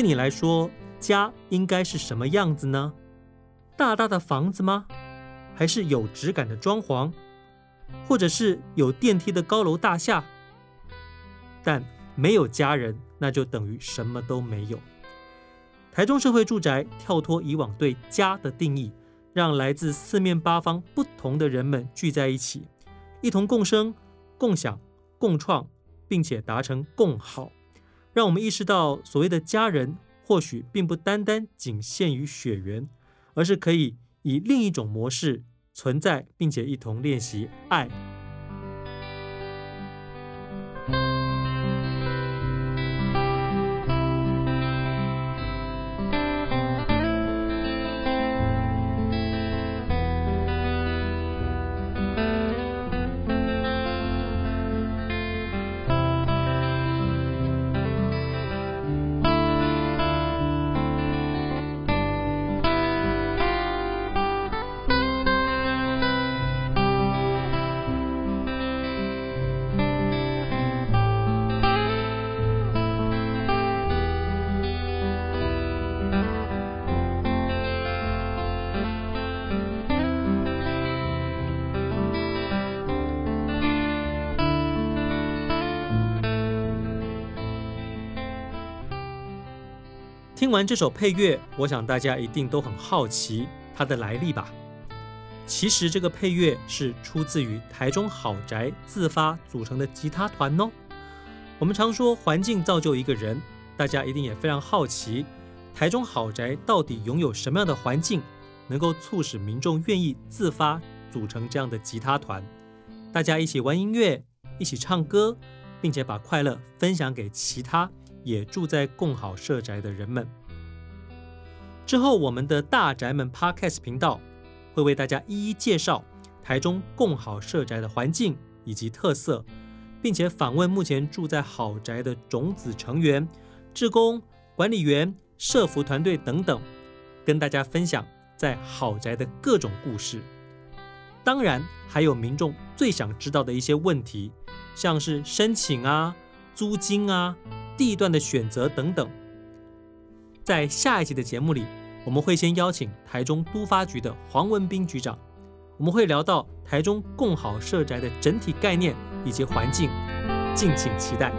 對你來說，家應該是什麼樣子呢？大大的房子嗎？還是有質感的裝潢，或者是有電梯的高樓大廈？但沒有家人，那就等於什麼都沒有。台中社會住宅跳脫以往對家的定義，讓來自四面八方不同的人們聚在一起，一同共生、共享、共創，並且達成共好。讓我們意識到，所謂的家人或許並不單單僅限於血緣，而是可以以另一種模式存在，並且一同練習愛。聽完這首配樂，我想大家一定都很好奇它的來歷吧？其實這個配樂是出自於台中好宅自發組成的吉他團哦。我們常說環境造就一個人，大家一定也非常好奇台中好宅到底擁有什麼樣的環境，能夠促使民眾願意自發組成這樣的吉他團，大家一起玩音樂，一起唱歌，並且把快樂分享給其他。也住在共好社宅的人們。之後，我們的大宅們 Podcast 頻道會為大家一一介紹台中共好社宅的環境以及特色，並且訪問目前住在好宅的種子成員、志工、管理員、社服團隊等等，跟大家分享在好宅的各種故事。當然，還有民眾最想知道的一些問題，像是申請啊、租金啊。地段的選擇等等。在下一集的節目裡，我們會先邀請台中都發局的黃文彬局長，我們會聊到台中共好社宅的整體概念以及環境，敬請期待。